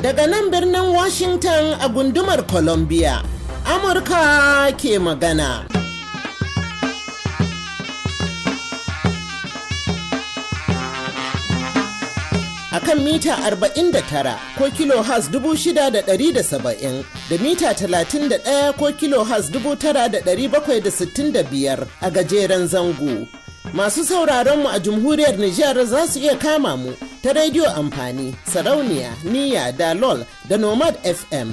Daga nan birnin Washington a gundumar Columbia, Amurka ke magana. akan mita 49 ko kilo has 6,670 da mita 31 ko kilo has 9,765 a gajeren zango. Masu sauraronmu a jumhuriyar Nijar za su iya kama mu ta rediyo amfani, sarauniya, niya, dalol da nomad FM.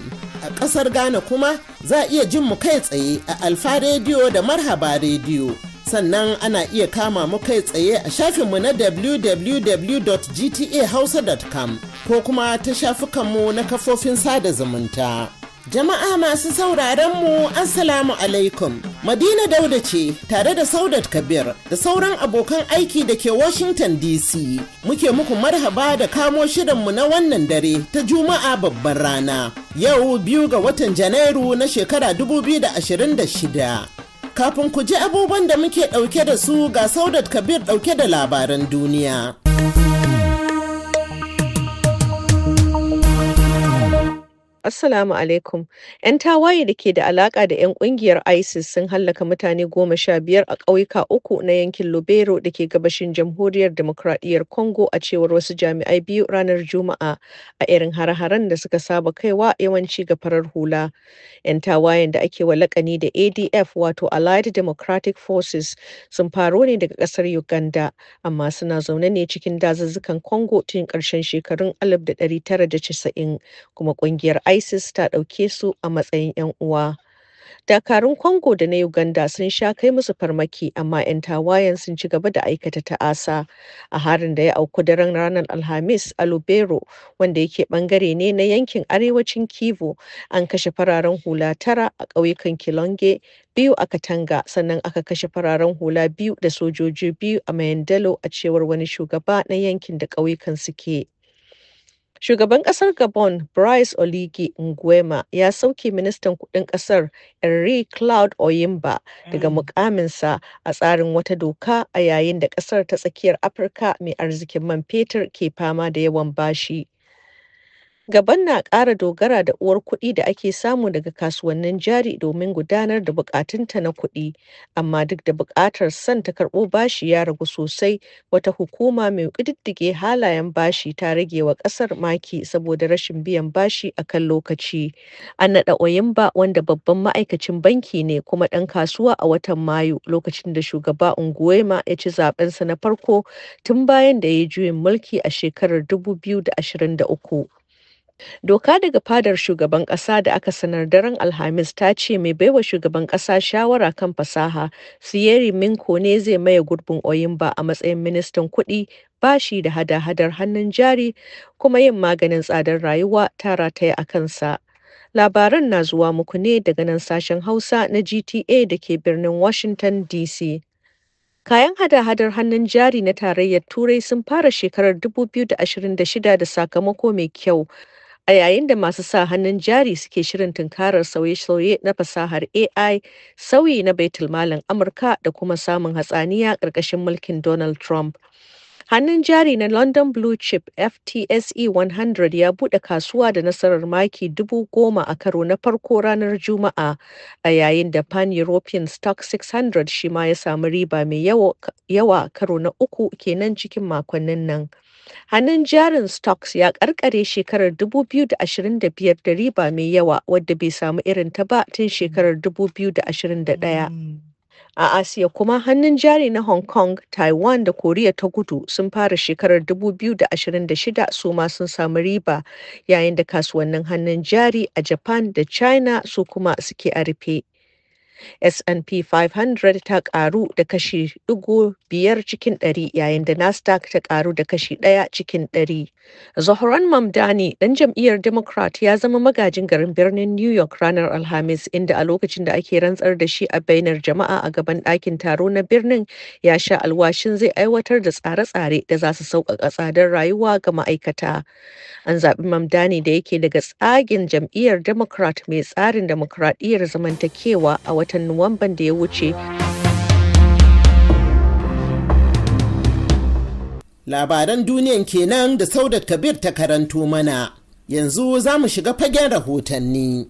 A ƙasar Ghana kuma za a iya jin mu kai tsaye a Alfa Rediyo da Marhaba Rediyo. sannan ana iya kama mu kai tsaye a shafinmu na www.gtahausa.com ko kuma ta shafukanmu na kafofin sada zumunta. Jama'a masu sauraron mu Assalamu alaikum. Madina Dauda ce tare da Saudat Kabir da sauran abokan aiki da ke Washington DC. Muke muku marhaba da kamo shirinmu na wannan dare ta Juma'a babbar rana. Yau biyu ga watan Janairu na shekara 2026. Kafin ku ji abubuwan da muke ɗauke da su ga Saudat Kabir ɗauke da labaran duniya. Assalamu alaikum. 'Yan tawaye da ke da alaƙa da 'yan ƙungiyar ISIS sun hallaka mutane goma sha biyar a ƙauyuka uku na yankin Lubero da ke gabashin jamhuriyar demokradiyyar Congo a cewar wasu jami'ai biyu ranar Juma'a a irin hare-haren da suka saba kaiwa yawanci ga farar hula. 'Yan tawayen da ake walakani da ADF wato Allied Democratic Forces sun faro ne daga ƙasar Uganda amma suna zaune ne cikin dazuzzukan Congo tun ƙarshen shekarun 1990 kuma ƙungiyar isis ta ɗauke su a matsayin 'yan uwa dakarun congo da na uganda sun sha kai musu farmaki amma 'yan tawayen sun ci gaba da aikata ta'asa a harin da ya auku daren ranar alhamis a lubero wanda yake bangare ne na yankin arewacin kivu an kashe fararen hula tara a ƙauyukan kilonge biyu a katanga sannan aka kashe fararen hula biyu da sojoji biyu a mayandalo a cewar wani shugaba na yankin da ƙauyukan suke Shugaban ƙasar Gabon Brice Oligui Nguema ya sauke ministan kuɗin ƙasar Henri Cloud Oyimba daga mm. mukaminsa a tsarin wata doka a yayin da ƙasar ta tsakiyar Afirka mai arzikin man fetur ke fama da yawan bashi. Gaban na ƙara dogara da uwar kuɗi da ake samu daga kasuwannin jari domin gudanar da bukatunta na kuɗi, amma duk da bukatar son ta karɓo bashi ya ragu sosai, wata hukuma mai ƙididdige halayen bashi ta rage wa ƙasar maki saboda rashin biyan bashi a kan lokaci. An naɗa Oyimba wanda babban ma'aikacin banki ne kuma ɗan kasuwa a watan Mayu lokacin da shugaba Nguema ya ci zaɓensa na farko tun bayan da ya yi juyin mulki a shekarar 2023. Doka daga fadar shugaban ƙasa da aka sanar daren Alhamis ta ce mai baiwa shugaban ƙasa shawara kan fasaha Thierry Minko ne zai maye gurbin Oyimba a matsayin ministan kuɗi, bashi da hada-hadar hannun jari kuma yin maganin tsadar rayuwa ta rataya a kansa. Labaran na zuwa muku ne daga nan sashen Hausa na GTA da ke birnin Washington DC. Kayan hada-hadar hannun jari na Tarayyar Turai sun fara shekarar 2026 da sakamako mai kyau. A yayin da masu sa hannun jari suke shirin tunkarar sauye-sauye na fasahar AI, sauyi na baitulmalin Amurka da kuma samun hatsaniya ƙarƙashin mulkin Donald Trump. Hannun jari na London Blue Chip FTSE 100 ya buɗe kasuwa da nasarar maki dubu goma a karo na farko ranar Juma'a a yayin da Pan European Stock 600 shi ma ya samu riba mai yawa karo na uku kenan cikin makonnin nan. Hannun jarin stocks ya karkare shekarar 2025 da riba mai yawa wadda bai samu irin ta ba tun shekarar 2021. A Asiya kuma, hannun jari na Hong Kong, Taiwan da Koriya ta Kudu sun fara shekarar 2026 su ma sun samu riba, yayin da kasuwannin hannun jari a Japan da China su kuma suke a rufe. S&P 500 ta karu da kashi ɗigo biyar cikin ɗari yayin da Nasdaq ta karu da kashi ɗaya cikin ɗari. Zohran Mamdani ɗan jam'iyyar Democrat ya zama magajin garin birnin New York ranar Alhamis inda a lokacin da ake rantsar da shi a bainar jama'a a gaban ɗakin taro na birnin ya sha alwashin zai aiwatar da tsare-tsare da za su sauƙaƙa tsadar rayuwa ga ma'aikata. An zaɓi Mamdani da yake daga tsagin jam'iyyar Democrat mai tsarin demokradiyyar zamantakewa a watan Nuwamban da ya wuce. Labaran duniyan kenan da Saudat Kabir ta karanto mana. Yanzu za mu shiga fagen rahotanni.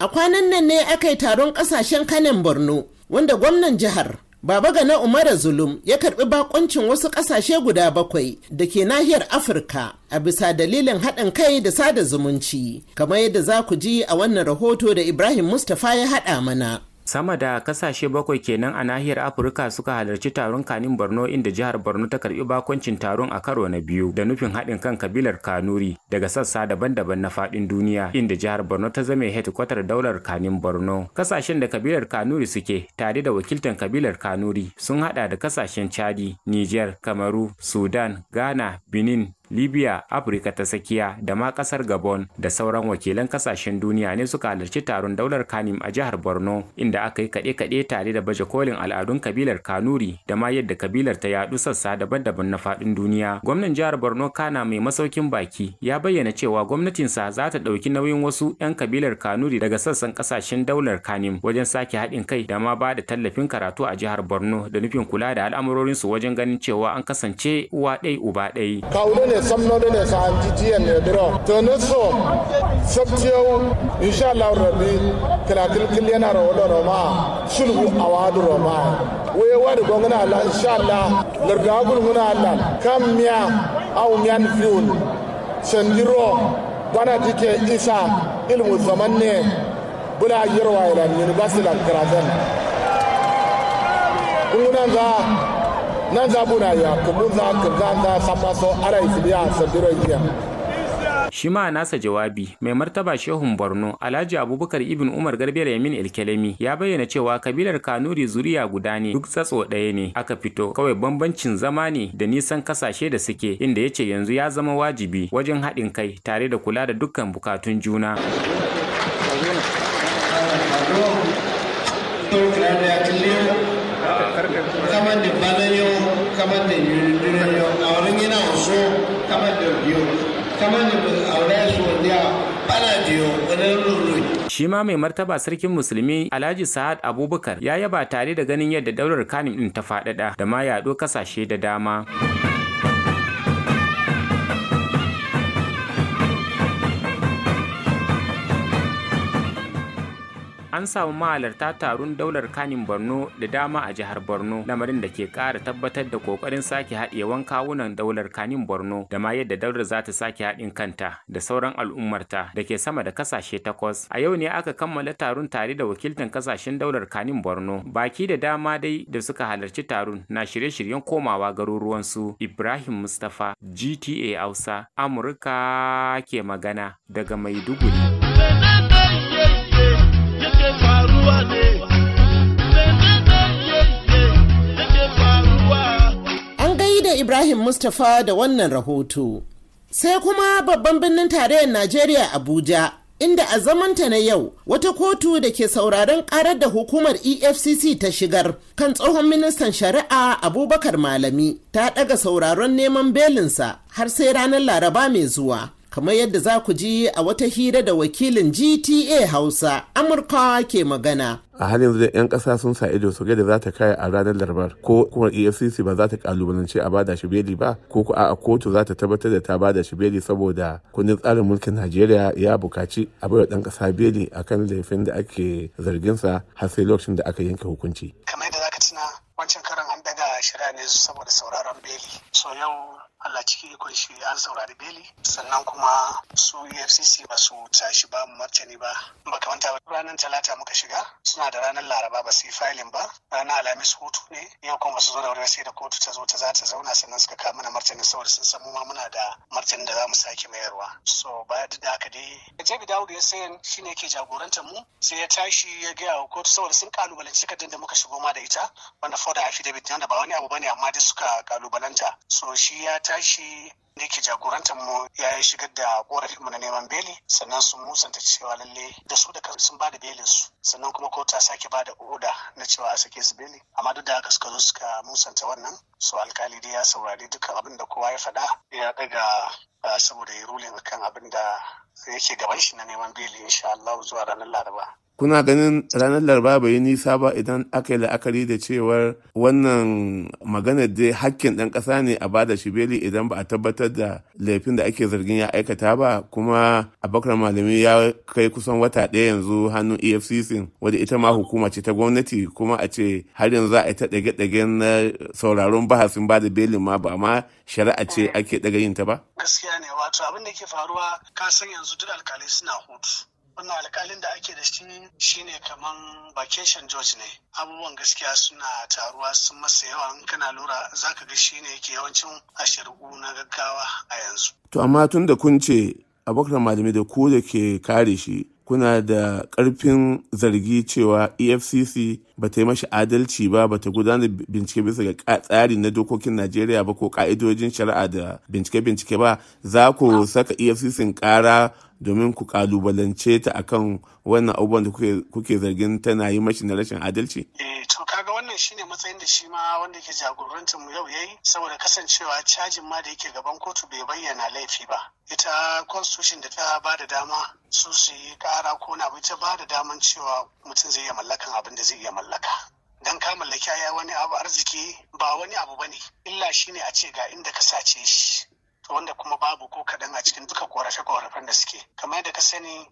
A kwanan nan ne aka yi taron ƙasashen kanin Borno, wanda gwamnan jihar Baba Gana Umara Zulum ya karɓi bakoncin wasu ƙasashe guda bakwai da ke nahiyar Afirka a bisa dalilin haɗin kai da sada zumunci, kamar yadda za ku ji a wannan rahoto da Ibrahim Mustapha ya haɗa mana. Sama da kasashe bakwai kenan a nahiyar Afirka suka halarci taron Kanin Borno inda jihar Borno ta karbi bakoncin taron a karo na biyu da nufin haɗin kan kabilar Kanuri daga sassa daban-daban na faɗin duniya inda jihar Borno ta zame hedkwatar daular Kanin Borno. Kasashen da kabilar Kanuri suke tare da wakiltan kabilar Kanuri sun haɗa da kasashen Chadi, Niger, Kamaru, Sudan, Ghana, Benin, libya afirka ta tsakiya da ma ƙasar gabon da sauran wakilan kasashen duniya ne suka halarci taron daular kanim a jihar borno inda aka yi kaɗe-kaɗe tare da baje kolin al'adun kabilar kanuri da ma yadda kabilar ta yaɗu sassa daban-daban na faɗin duniya gwamnan jihar borno kana mai masaukin baki ya bayyana cewa gwamnatinsa za ta ɗauki nauyin wasu 'yan kabilar kanuri daga sassan ƙasashen daular kanim wajen sake haɗin kai da ma ba da tallafin karatu a jihar borno da nufin kula da al'amurorinsu wajen ganin cewa an kasance uwa ɗai uba ɗai. ne samno de ne san jijien ne dro to ne so sabtiyo insha Allah rabbi kala kil kilena ro do ma sulhu awadu ro ma we wadi gongna Allah insha Allah lerda gul huna Allah kam miya aw miyan fiun sandiro bana dike isa ilmu zaman ne bula yirwa ila university la karazen kunan ga nan za muna ya kumunza kirganga a araisibiya sadiroiya shi ma nasa jawabi mai martaba shehun borno alhaji abubakar ibn umar garbiyar yamin ilkelemi ya bayyana cewa kabilar kanuri zuriya guda ne duk tsatso ɗaya ne aka fito kawai bambancin zama ne da nisan kasashe da suke inda ya ce yanzu ya zama wajibi wajen haɗin kai tare da kula da dukkan bukatun juna kama de yo kama de yo awon yana oso kama de biyo kama de awon so dia bana yo wani lulu shi ma mai martaba sarkin musulmi alhaji sa'ad abubakar ya yaba tare da ganin yadda daular kanin din ta faɗaɗa da ma yaɗo kasashe da dama an samu mahalarta taron daular kanin borno da dama a jihar borno lamarin da ke ƙara tabbatar da ƙoƙarin sake haɗewan kawunan daular kanin borno da ma yadda daular za ta sake haɗin kanta da sauran al'ummarta da ke sama da kasashe takwas a yau ne aka kammala taron tare da wakiltan kasashen daular kanin borno baki da dama dai da suka halarci taron na shirye-shiryen komawa garuruwansu ibrahim mustapha gta hausa amurka ke magana daga maiduguri An gaida Ibrahim Mustapha da wannan rahoto. Sai kuma babban birnin tarayyar Najeriya Abuja inda a zamanta na yau wata kotu da ke sauraron karar da hukumar efcc ta shigar kan tsohon ministan shari'a abubakar malami ta ɗaga sauraron neman belinsa har sai ranar laraba mai zuwa kamar yadda za ku ji a wata hira da wakilin GTA Hausa Amurka ke magana. a halin yanzu 'yan kasa sun sa ido su da za ta kaya a ranar larabar ko kuma efcc ba za ta kalubalance a bada shi beli ba ko ko a kotu za ta tabbatar da ta bada shi beli saboda kundin tsarin mulkin najeriya ya bukaci a baiwa dan kasa beli a kan laifin da ake zargin sa har sai lokacin da aka yanke hukunci kamar yadda za ka tuna wancan karan an daga shari'a ne saboda sauraron beli so yau Allah ciki ikon shi an saurari beli sannan kuma su EFCC ba su tashi ba mu martani ba ba manta ba ranar talata muka shiga suna da ranar laraba ba su yi filin ba ranar alhamis hutu ne yau kuma su zo da wuri sai da kotu ta zo ta za ta zauna sannan suka kama na martani saboda sun san mu ma muna da martani da za mu sake mayarwa so baya da haka dai Jabi Dawud ya sayan shine yake jagorantar mu sai ya tashi ya gaya wa kotu saboda sun kalubalanci kadin da muka shigo ma da ita wanda foda da ne wanda ba wani abu bane amma dai suka kalubalanta so shi ya tashi da ke jagorantar mu ya shigar da korafin mu na neman beli sannan sun musanta cewa lalle da su da sun ba da belin su sannan kuma ko ta sake ba da oda na cewa a sake su beli amma duk da haka suka zo suka musanta wannan su alkali dai ya saurari dukkan abin da kowa ya faɗa ya daga saboda ya rulin kan abin da yake gaban shi na neman beli insha Allah zuwa ranar Laraba kuna ganin ranar laraba bai yi nisa ba idan aka yi la'akari da cewar wannan maganar da hakkin ɗan ƙasa ne a bada shi beli idan ba a tabbatar da laifin da ake zargin ya aikata ba kuma abakar malami ya kai kusan wata ɗaya yanzu hannun efcc wadda ita ma hukuma ce ta gwamnati kuma a ce har yanzu za a yi ta ɗage-ɗage na sauraron bahasin bada belin ma ba ma shari'a ce ake ɗaga yin ta ba. gaskiya ne wato abin da ke faruwa ka san yanzu duk alkalai suna hutu wannan alkalin da ake da shi shine kaman vacation george ne abubuwan gaskiya suna taruwa sun masa yawa in kana lura zaka ga shine yake yawancin ashirgu na gaggawa a yanzu to amma tun da kun ce abokan malami da ku da ke kare shi kuna da karfin zargi cewa efcc ba ta yi mashi adalci ba ba ta gudanar bincike bisa ga tsari na dokokin najeriya ba ko ka'idojin shari'a da bincike-bincike ba za ku saka efcc kara domin ku kalubalance ta akan wannan abubuwan da kuke zargin tana yi mashi na rashin adalci? Eh, to kaga wannan shine matsayin da shi ma wanda ke jagorantar mu yau yayi saboda kasancewa cajin ma da yake gaban kotu bai bayyana laifi ba. Ita constitution da ta ba da dama su su yi kara ko na ita ba da daman cewa mutum zai iya mallakan abin da zai iya mallaka. mallaka dan ka mallaki ya wani abu arziki ba wani abu bane illa shine a ce ga inda ka sace shi wanda kuma babu ko kaɗan a cikin duka korafe-korafen da suke kamar yadda ka sani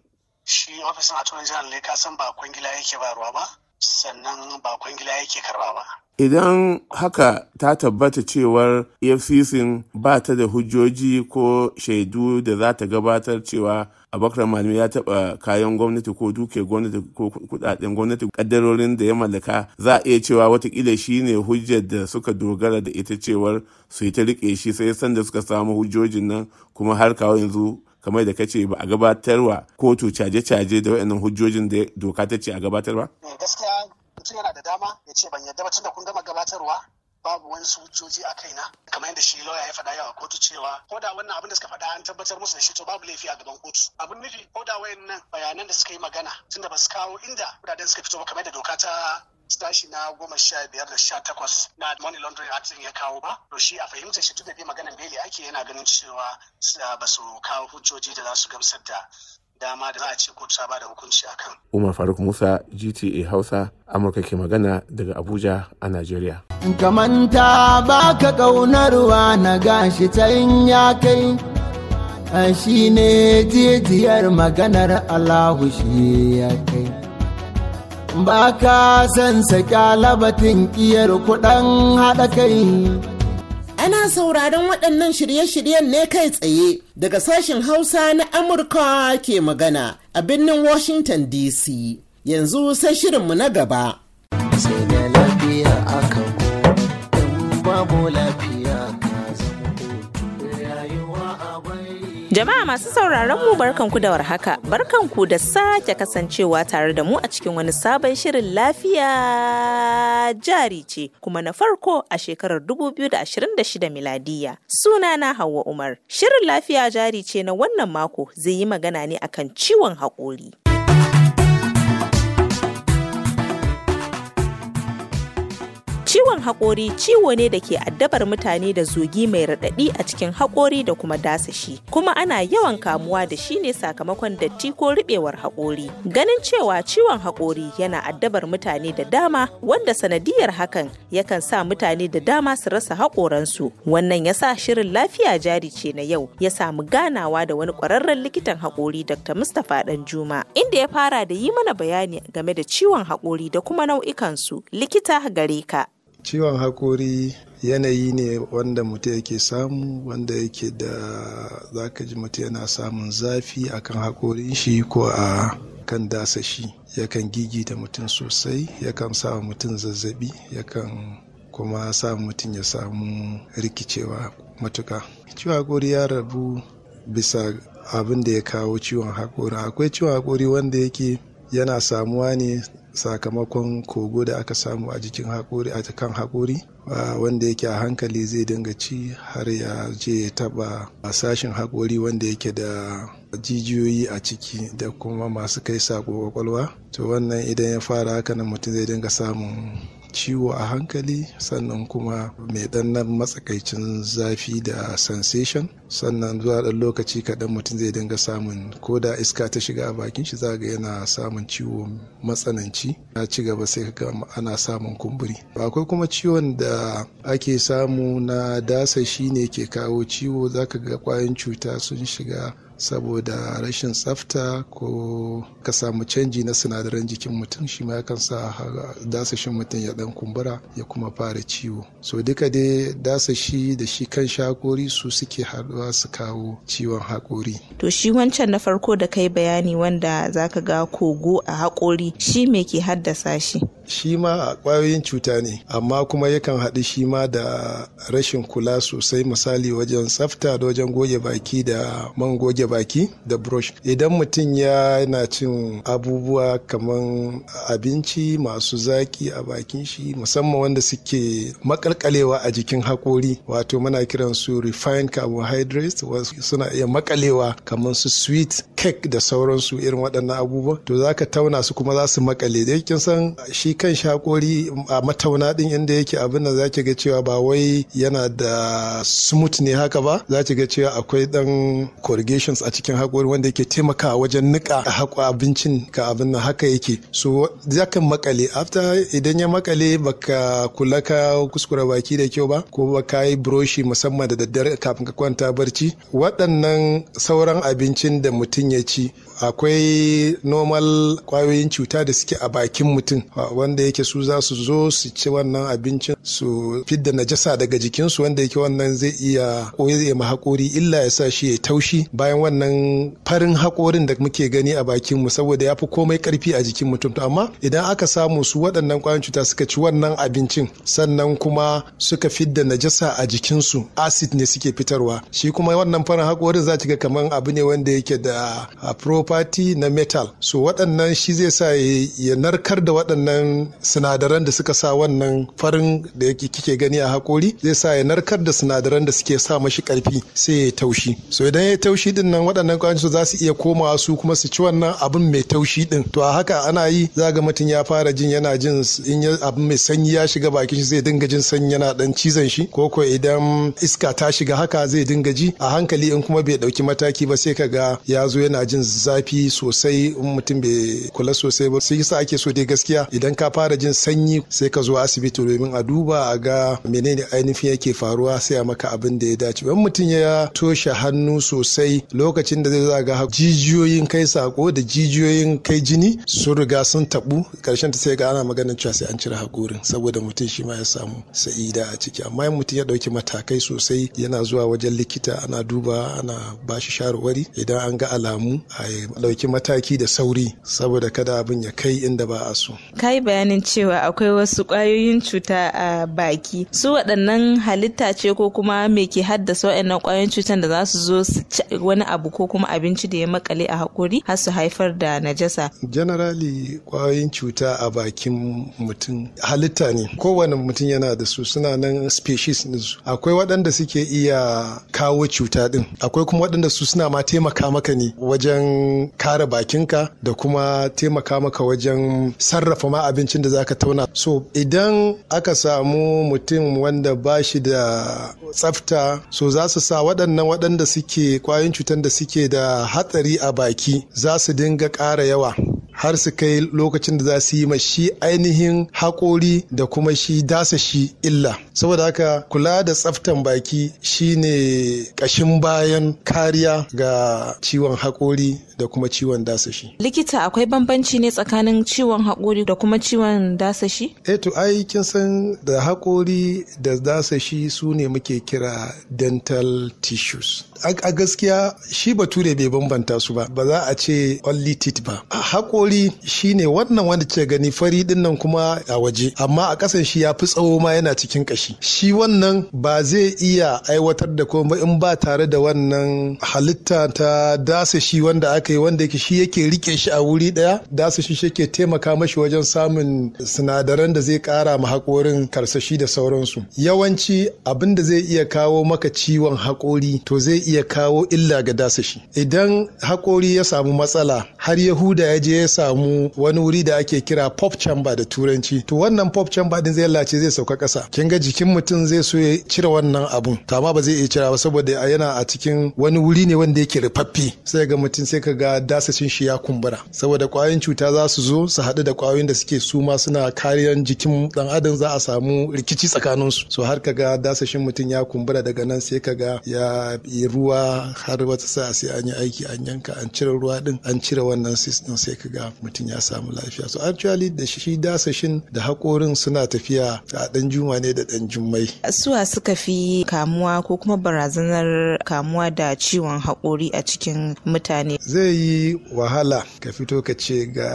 shi ofisin attorney general ne ka san ba kwangila yake ba ruwa ba sannan ba kwangila yake karba ba idan haka ta tabbata cewar efcc ba ta da hujjoji ko shaidu da za ta gabatar cewa abubakar malami ya taba kayan gwamnati ko duke gwamnati ko kudaden gwamnati kaddarorin da ya mallaka za a iya cewa watakila shi ne hujjar da suka dogara da ita cewar su yi ta riƙe shi sai sanda suka samu hujjojin nan kuma har kawo yanzu kamar da kace ba a gabatarwa kotu caje-caje da waɗannan hujjojin da doka ta ce a gabatarwa? Eh, gaskiya mutum yana da dama ya ce ban yadda ba tunda kun gama gabatarwa babu wani hujjoji a kaina kamar yadda shi lawyer ya faɗa yawa kotu cewa ko da wannan abin da suka faɗa an tabbatar musu da shi to babu laifi a gaban kotu abin nufi ko da wayannan bayanan da suka yi magana tunda ba su kawo inda kudaden suka fito ba kamar da doka ta sashi na goma sha biyar da sha takwas na money laundering act ya kawo ba to shi a fahimtar shi tunda bai maganan beli ake yana ganin cewa ba su kawo hujjoji da za su gamsar da dama da za a ce kotu ta da hukunci a kan. Umar Faruk Musa GTA Hausa Amurka ke magana daga Abuja a Najeriya. Kamanta ba ka ƙaunarwa na gashi ta yin ya kai, shi ne jijiyar maganar Allah shi ya kai. Ba ka san sa kyalabatin iyar kuɗin haɗa kai. Ana sauraron waɗannan shirye-shiryen ne kai tsaye daga sashen Hausa na Amurka ke magana a birnin Washington DC. Yanzu sai shirinmu na gaba. Sai da lafiya kanku, babu lafiya. Jama'a masu sauraron mu barkanku da warhaka, barkanku da sake kasancewa tare da mu a cikin wani sabon shirin lafiya jari ce kuma na farko a shekarar 2026 miladiya. Sunana Hauwa Umar. Shirin lafiya jari ce na wannan mako zai yi magana ne akan ciwon haƙori. Ciwon haƙori ciwo ne da ke addabar mutane da zogi mai raɗaɗi a cikin haƙori da kuma dasashi, kuma ana yawan kamuwa da shi ne sakamakon datti ko ruɓewar haƙori. Ganin cewa ciwon haƙori yana addabar mutane da dama wanda sanadiyar hakan yakan sa mutane da dama su rasa haƙoransu. Wannan ya sa shirin lafiya jari ce na yau ya samu ganawa da wani ƙwararren likitan haƙori Dr. Mustapha Danjuma inda ya fara da yi mana bayani game da ciwon haƙori da kuma nau'ikansu likita gare ka. ciwon hakori yanayi ne wanda mutum yake samu wanda yake da zaka ji mutum yana samun zafi akan hakorin shi ko a kan dasa shi yakan gigita mutum sosai yakan sa mutum zazzabi yakan kuma sa mutum ya samu rikicewa matuka ciwon hakori ya rabu bisa abin da ya kawo ciwon hakori akwai ciwon hakori wanda yake yana samuwa ne sakamakon kogo da aka samu a jikin haƙori a kan haƙori wanda yake a hankali zai dinga ci har ya je ya taɓa sashen haƙori wanda yake da jijiyoyi a ciki da kuma masu kai saƙo ƙwaƙwalwa. to wannan idan ya fara haka nan mutum zai dinga samun ciwo a hankali sannan kuma mai ɗan matsakaicin zafi da sensation sannan zuwa ɗan lokaci kaɗan mutum zai dinga samun ko da iska ta shiga a bakin shi za ga yana samun ciwo matsananci na ci gaba sai ka ana samun kumburi Ba akwai kuma ciwon da ake samu na dasa shi ne ke kawo ciwo za ka ga kwayan cuta sun shiga saboda rashin tsafta ko ka samu canji na sinadaran jikin mutum shi ma yakan sa dasashin mutum ya dan kumbura ya kuma fara ciwo so duka dai dasashi da shi kan shakori su suke haɗo. za su kawo ciwon haƙori. To shi wancan na farko da kai bayani wanda za ka ga kogo a haƙori shi me ke haddasa shi? Shi ma a ƙwayoyin cuta ne amma kuma yakan haɗu shi ma da rashin kula sosai misali wajen tsafta da wajen goge baki da man goge baki da brush. Idan mutum ya na cin abubuwa kamar abinci masu zaki a bakin shi musamman wanda suke makalkalewa a jikin haƙori wato muna kiran su refined carbohydrate carbohydrates wasu suna iya makalewa kamar su sweet cake da sauransu irin waɗannan abubuwa to za ka tauna su kuma za su makale da kin san shi kan shakori a matauna ɗin inda yake abin da za ki ga cewa ba wai yana da smooth ne haka ba za ki ga cewa akwai ɗan corrugations a cikin hakori wanda yake taimaka wajen niƙa haƙo abincin ka abin nan haka yake so ka makale after idan ya makale baka kula ka kuskura baki da kyau ba ko baka yi broshi musamman da daddare kafin ka kwanta barci waɗannan sauran abincin da mutum ya ci akwai normal kwayoyin cuta da suke a bakin mutum wanda yake su za su zo su ci wannan abincin su fidda najasa daga jikinsu wanda yake wannan zai iya koye ma haƙori illa ya sa shi ya taushi bayan wannan farin haƙorin da muke gani a bakin mu saboda ya fi komai ƙarfi a jikin mutum to amma idan aka samu su waɗannan kwayoyin cuta suka ci wannan abincin sannan kuma suka fidda najasa a jikinsu acid ne suke fitarwa shi shi kuma wannan farin haƙorin za ki ga kamar abu ne wanda yake da property na metal so waɗannan shi zai sa ya narkar da waɗannan sinadaran da suka sa wannan farin da yake kike gani a haƙori zai sa ya narkar da sinadaran da suke sa mashi ƙarfi sai ya taushi so idan ya taushi din nan waɗannan ƙwayoyin su za su iya komawa su kuma su ci wannan abin mai taushi din to a haka ana yi za ga mutum ya fara jin yana jin in abin mai sanyi ya shiga bakin shi zai dinga jin sanyi yana dan cizon shi ko ko idan iska ta shiga haka zai dinga ji a hankali in kuma bai dauki mataki ba sai kaga ya zo yana jin zafi sosai in mutum bai kula sosai ba sai yasa ake so dai gaskiya idan ka fara jin sanyi sai ka zo asibiti domin a duba a ga menene ainihin yake faruwa sai a maka abin da ya dace in mutum ya toshe hannu sosai lokacin da zai ga jijiyoyin kai sako da jijiyoyin kai jini sun riga sun tabu karshen ta sai ga ana maganin cewa sai an cire hakorin saboda mutum shi ma ya samu sa'ida a ciki amma in mutum ya dauki matakai sosai yana zuwa wajen likita likita ana duba ana ba shi shawarwari idan an ga alamu a ɗauki mataki da sauri saboda kada abin ya kai inda ba a so. Ka yi bayanin cewa akwai wasu ƙwayoyin cuta a baki. Su waɗannan halitta ce ko kuma me ke haddasa waɗannan kwayoyin cutan da za su zo su ci wani abu ko kuma abinci da ya makale a haƙuri har su haifar da najasa. Generally ƙwayoyin cuta a bakin mutum halitta ne. Kowane mutum yana da su suna nan species ɗinsu. Akwai waɗanda suke iya kawo kawo cuta din akwai kuma waɗanda su suna ma taimaka maka ne wajen kare bakinka da kuma taimaka maka wajen sarrafa ma abincin da zaka tauna so idan aka samu mutum wanda ba shi da tsafta so za su sa waɗannan waɗanda suke kwayoyin cutar da suke da hatsari a baki za su dinga ƙara yawa har su kai lokacin da za su yi ma shi ainihin haƙori da kuma shi dasa shi illa saboda haka kula da tsaftan baki shine ƙashin bayan kariya ga ciwon haƙori da kuma ciwon dasashi. likita akwai bambanci ne tsakanin ciwon haƙori da kuma ciwon dasashi? E eh to ai kin san da haƙori da dasashi su ne muke kira dental tissues a gaskiya shi bature bai bambanta su ba ba za a ce only teeth ba haƙori tsauri shine wannan wanda ke gani fari din kuma a waje amma a kasan shi ya fi tsawo ma yana cikin ƙashi shi wannan ba zai iya aiwatar da komai in ba tare da wannan halitta ta dasa shi wanda aka yi wanda yake shi yake rike shi a wuri ɗaya dasa shi shi ke taimaka mashi wajen samun sinadaran da zai kara ma haƙorin karsashi da sauransu yawanci abin da zai iya kawo maka ciwon haƙori to zai iya kawo illa ga dasa shi idan haƙori ya samu matsala har yahuda ya je samu wani wuri da ake kira pop chamber da turanci to wannan pop chamber din zai lalace zai sauka kasa kin ga jikin mutum zai so ya cire wannan abun to amma ba zai iya cira ba saboda yana a cikin wani wuri ne wanda yake rufaffe sai ga mutum sai ka ga dasashin shi ya kumbura saboda kwayoyin cuta za su zo su haɗu da kwayoyin da suke suma suna kariyan jikin dan adam za a samu rikici tsakanin su so har ka ga dasashin mutum ya kumbura daga nan sai ka ga ya yi ruwa har wata sa'a sai an yi aiki an yanka an cire ruwa din an cire wannan cyst din sai ka ga mutum ya samu lafiya so actually da shi dasashin da haƙorin suna tafiya a ɗan juma ne da ɗan jummai suwa suka fi kamuwa ko kuma barazanar kamuwa da ciwon haƙori a cikin mutane zai yi wahala ka fito ka ce ga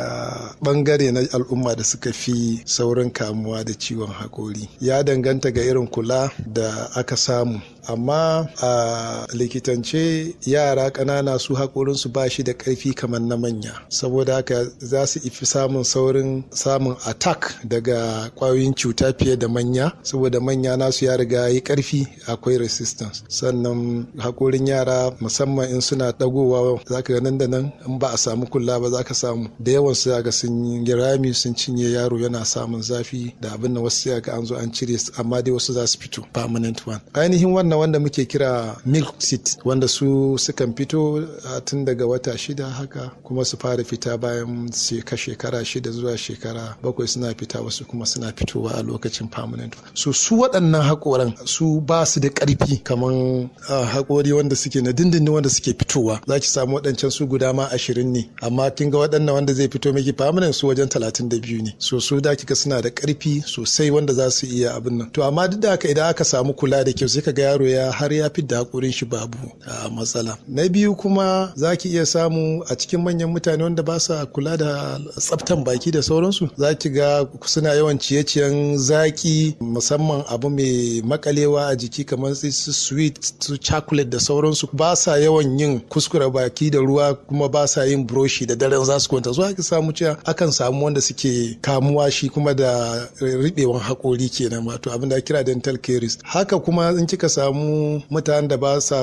ɓangare na al'umma da suka fi saurin kamuwa da ciwon haƙori ya danganta ga irin kula da aka samu amma a likitance yara ƙanana su haƙorinsu ba shi da ƙarfi kamar na manya saboda haka za su ifi samun saurin samun attack daga kwayoyin cuta fiye da manya saboda manya nasu ya riga yi karfi akwai resistance sannan hakorin yara musamman in suna dagowa za ka nan da nan in ba a samu kula ba za ka samu da yawan su ga sun yi rami sun cinye yaro yana samun zafi da abin da wasu ga an zo an cire amma dai wasu za su fito permanent one ainihin wannan wanda muke kira milk seed wanda su sukan fito tun daga wata shida haka kuma su fara fita bayan kusan shekara shida zuwa shekara bakwai suna fita wasu kuma suna fitowa a lokacin permanent so su waɗannan haƙoran su ba su da ƙarfi kaman haƙori wanda suke na dindindin wanda suke fitowa za ki samu waɗancan su guda ma ashirin ne amma kin ga waɗannan wanda zai fito miki permanent su wajen talatin da biyu ne so su da kika suna da ƙarfi sosai wanda za su iya abin nan to amma duk da haka idan aka samu kula da kyau sai ka ga yaro ya har ya fidda haƙorin shi babu a matsala na biyu kuma za ki iya samu a cikin manyan mutane wanda ba sa kula da tsaftan baki da sauransu za ki ga suna yawan ciye-ciyen zaki musamman abu mai makalewa a jiki kamar su sweet su chocolate da sauransu ba sa yawan yin kuskure baki da ruwa kuma ba sa yin broshi da daren za su kwanta zuwa ki samu cewa akan samu wanda suke kamuwa shi kuma da ribewan hakori kenan wato abin da kira dental caries haka kuma in kika samu mutanen da ba sa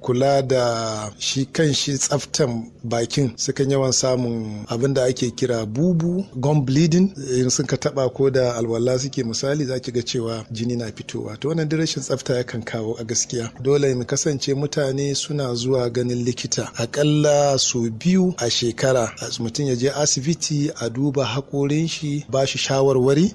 kula da shi kan shi tsaftan bakin sukan yawan samun abin da ake kira bubu gun bleeding in sun ka taba ko da alwala suke misali za ki ga cewa jini na fitowa to wannan rashin tsafta yakan kawo a gaskiya dole mu kasance mutane suna zuwa ganin likita akalla su biyu a shekara mutum ya je asibiti a duba hakorin shi ba shi shawarwari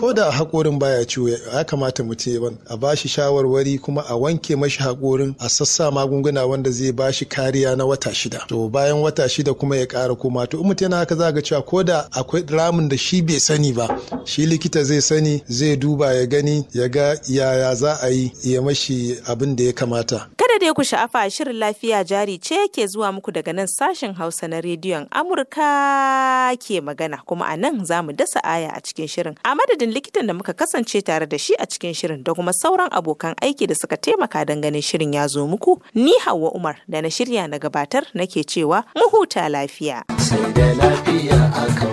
ko da hakorin baya ciwo ya kamata mutum a ba shi shawarwari kuma a wanke mashi hakorin a sassa magunguna wanda zai ba shi kariya na wata shida to bayan wata shida kuma ya ƙara koma to in mutum yana haka za cewa ko da akwai ramin da shi bai sani ba shi likita zai sani zai duba ya gani ya ga yaya za a yi ya mashi abin da ya kamata Kada ku sha'afa shirin lafiya jari ce ke zuwa muku daga nan sashen Hausa na rediyon Amurka ke magana kuma a nan za mu dasa aya a cikin shirin. A madadin likitan da muka kasance tare da shi a cikin shirin da kuma sauran abokan aiki da suka taimaka don ganin shirin ya zo muku. Ni hawa Umar da na shirya na gabatar nake cewa mu huta lafiya. Sai da lafiya aka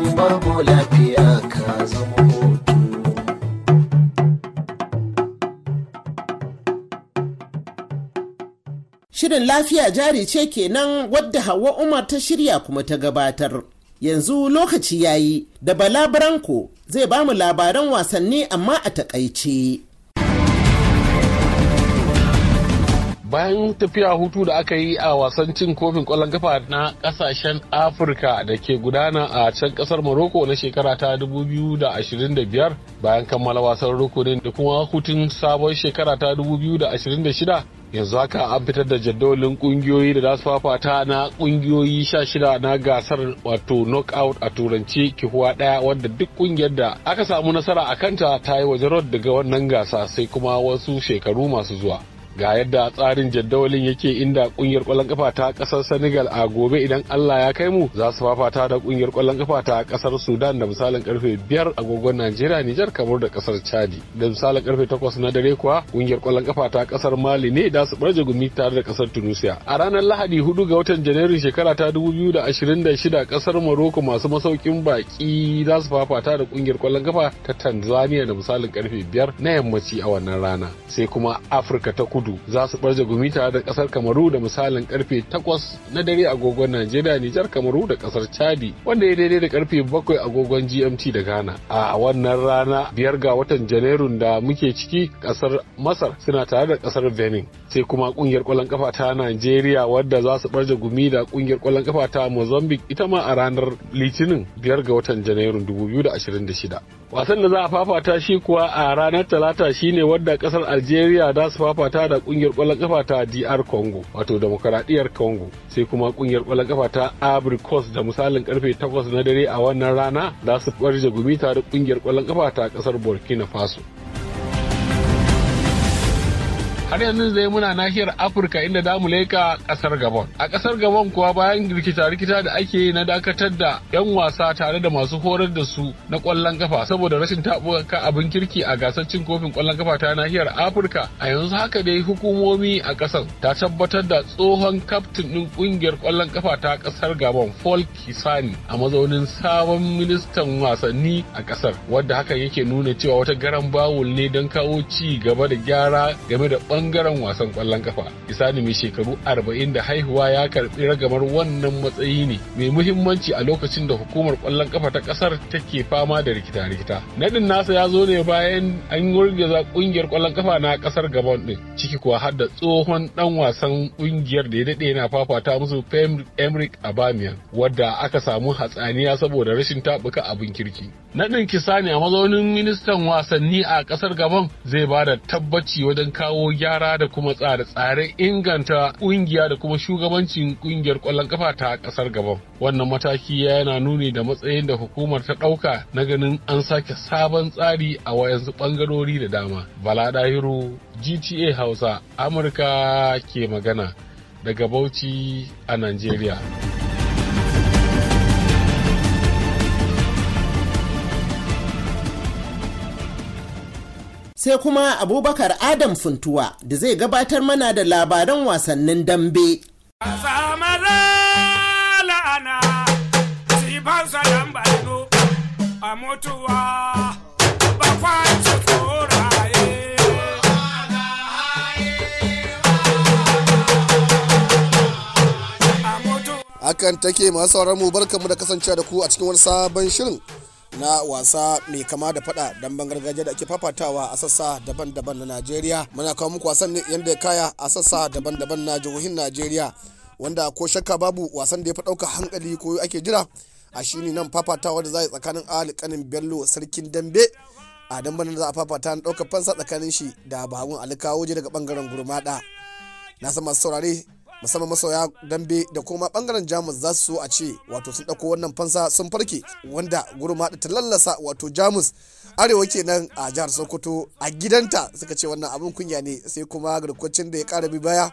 in lafiya Shirin lafiya jari ce kenan wadda Hauwa Umar ta shirya kuma ta gabatar. Yanzu lokaci ya yi da Bala Branko zai bamu labaran wasanni amma a takaice. bayan tafiya hutu da aka yi a wasan cin kofin kwallon kafa na ƙasashen afirka da ke gudana a can ƙasar morocco na shekara ta 2025 bayan kammala wasan rukunin da kuma hutun sabon shekara ta yanzu haka an fitar da jadawalin kungiyoyi da za su fafata na kungiyoyi sha shida na gasar wato knockout a turanci kihuwa daya wadda duk kungiyar da aka samu nasara a kanta ta yi wajen daga wannan gasa sai kuma wasu shekaru masu zuwa ga yadda tsarin jadawalin yake inda kungiyar kwallon kafa ta kasar senegal a gobe idan allah ya kai mu za su fafata da kungiyar kwallon kafa ta kasar sudan da misalin karfe biyar agogon najeriya nijar kamar da kasar chadi da misalin karfe takwas na dare kuwa kungiyar kwallon kafa ta kasar mali ne da su barje gumi tare da kasar tunisia a ranar lahadi hudu ga watan janairun shekara ta shida kasar morocco masu masaukin baki za su fafata da kungiyar kwallon kafa ta tanzania da misalin karfe biyar na yammaci a wannan rana sai kuma afirka ta kudu kudu za su barje gumi tare da kasar kamaru da misalin karfe 8 na dare agogon najeriya nijar kamaru da kasar chadi wanda ya daidai da karfe 7 agogon gmt da ghana a wannan rana biyar ga watan janairun da muke ciki kasar masar suna tare da kasar benin sai kuma kungiyar kwallon kafa ta najeriya wadda za su barje gumi da kungiyar kwallon kafa ta mozambique ita ma a ranar litinin biyar ga watan janairun 2026 wasan da za a fafata shi kuwa a ranar talata shine wadda kasar algeria za su fafata da kungiyar kwallon kafa ta dr congo wato demokaradiyar congo sai kuma kungiyar kwallon kafa ta abricos da misalin karfe 8 na dare a wannan rana za su barje gumi tare da kungiyar kwallon kafa ta kasar burkina faso har yanzu zai muna nahiyar afirka inda damu laika kasar gabon a kasar gabon kuwa bayan rikita-rikita da ake na dakatar da 'yan wasa tare da masu horar da su na kwallon kafa saboda rashin tabuka abin kirki a gasar cin kofin kwallon kafa ta nahiyar afirka a yanzu haka dai hukumomi a kasar ta tabbatar da tsohon kaftin din kungiyar kwallon kafa ta kasar gabon folk kisani a mazaunin sabon ministan wasanni a kasar wadda hakan yake nuna cewa wata garan bawul ne don kawo ci gaba da gyara game da bangaren wasan kwallon kafa isani mai shekaru 40 da haihuwa ya karbi ragamar wannan matsayi ne mai muhimmanci a lokacin da hukumar kwallon kafa ta kasar take fama da rikita-rikita nadin nasa ya zo ne bayan an za kungiyar kwallon kafa na kasar gabon din ciki kuwa har da tsohon dan wasan kungiyar da ya dade yana fafata musu emric abamian wadda aka samu hatsaniya saboda rashin tabuka abin kirki nadin kisa ne a mazaunin ministan wasanni a kasar gabon zai ba da tabbaci wajen kawo gyara da kuma tsare-tsare inganta kungiya da kuma shugabancin kungiyar kwallon kafa ta kasar gabon wannan mataki yana nuni da matsayin da hukumar ta dauka na ganin an sake sabon tsari a wayansu bangarori da dama bala dahiru gta hausa amurka ke magana daga bauchi a nigeria sai kuma abubakar adam funtuwa da zai gabatar mana da labaran wasannin dambe a mutuwa hakan take masu mu barkanmu da kasancewa da ku a cikin wani sabon shirin na wasa mai kama da fada damben gargajiya da ake fafatawa a sassa daban-daban na najeriya muna kawo muku wasan ne yadda ya kaya a sassa daban-daban na jihohin najeriya wanda ko shakka babu wasan da ya fi ɗauka hankali ko ake jira a shi ne nan fafatawa da za a yi tsakanin alikanin bello sarkin dambe a damben da za a fafata na ɗaukar fansa tsakanin shi da bahun alikawo je daga bangaren gurmada na sama masu saurare musamman masoya dambe da kuma bangaren jamus za su so a ce wato sun ɗauko wannan fansa sun farke wanda gurma ta lallasa wato jamus arewa kenan a jihar sokoto a gidanta suka ce wannan abin kunya ne sai kuma garkwacin da ya kara bi baya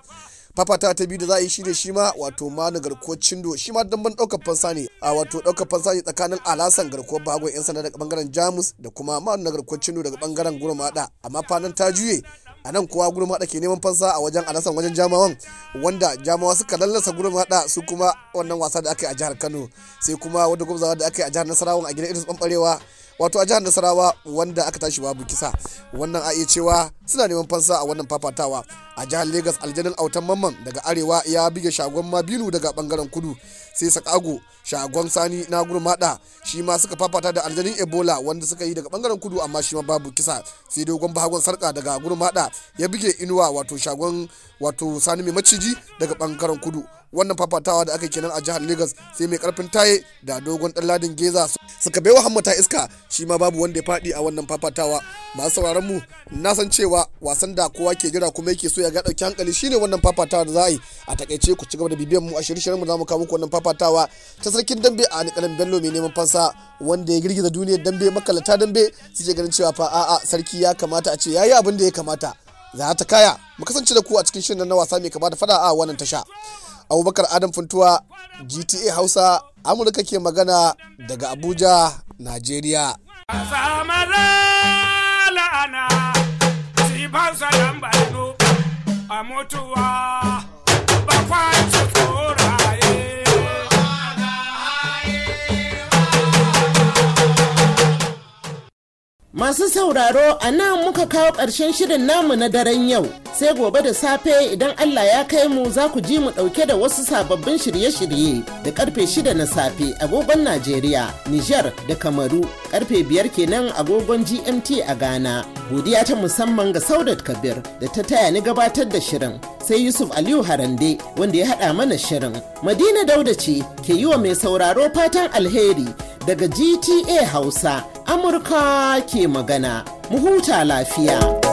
fafata ta biyu da za a yi shi ne shi ma wato na garkuwar cindo shi ma damban daukar fansa ne a wato daukar fansa ne tsakanin alasan garkuwar bagon yan sanda daga bangaren jamus da kuma ma na garkuwar cindo daga bangaren da amma fanan ta juye a nan kowa gurin hada ke neman fansa a wajen nasan wajen jamawan wanda jamawa suka lallasa gurin hada su kuma wannan wasa da aka yi a jihar kano sai kuma wadda gwamzawa da aka yi a jihar nasarawa a gidan iris banbarewa. wato a jihar nasarawa wanda aka tashi babu kisa wannan a iya cewa suna neman fansa a wannan fafatawa a jihar Legas aljanar autan mamman daga arewa ya bige shagon mabinu daga bangaren kudu sai sakago shagon sani na gurmada shi ma suka fafata da aljanin ebola wanda suka yi daga bangaren kudu amma shi ma babu kisa sai dogon bahagon sarka daga gurmada ya bige inuwa wato shagon wato sani mai maciji daga bangaren kudu wannan fafatawa da aka kenan a jihar lagos sai mai karfin taye da dogon dan ladin geza suka bai wa hammata iska shi ma babu wanda ya fadi a wannan fafatawa masu sauraron mu na san cewa wasan da kowa ke jira kuma yake so ya ga dauki hankali shine wannan fafatawa da za a yi a takaice ku ci gaba da bibiyan mu a shirye-shiryen mu za mu kawo muku wannan fafatawa ta sarkin dambe a kalan bello mai neman fansa wanda ya girgiza duniyar dambe makalata dambe suke ganin cewa fa a'a sarki ya kamata a ce yayi abin da ya kamata za ta kaya mu kasance da ku a cikin shirin na wasa mai kama da fada a wannan tasha abubakar adam funtuwa gta hausa amurka ke magana daga abuja nigeria a mutuwa Masu sauraro a nan muka kawo ƙarshen shirin namu na daren yau sai gobe da safe idan Allah ya kai mu za ku ji mu ɗauke da wasu sababbin shirye-shirye da karfe shida na safe agogon Najeriya, Nijar da Kamaru karfe biyar kenan agogon GMT a Ghana. Godiya ta musamman ga Saudat Kabir da ta taya ni gabatar da shirin sai Yusuf Aliyu Harande wanda ya haɗa mana shirin. Madina Dauda ce ke yi wa mai sauraro fatan alheri. daga GTA Hausa, Amurka ke magana. Mu huta lafiya.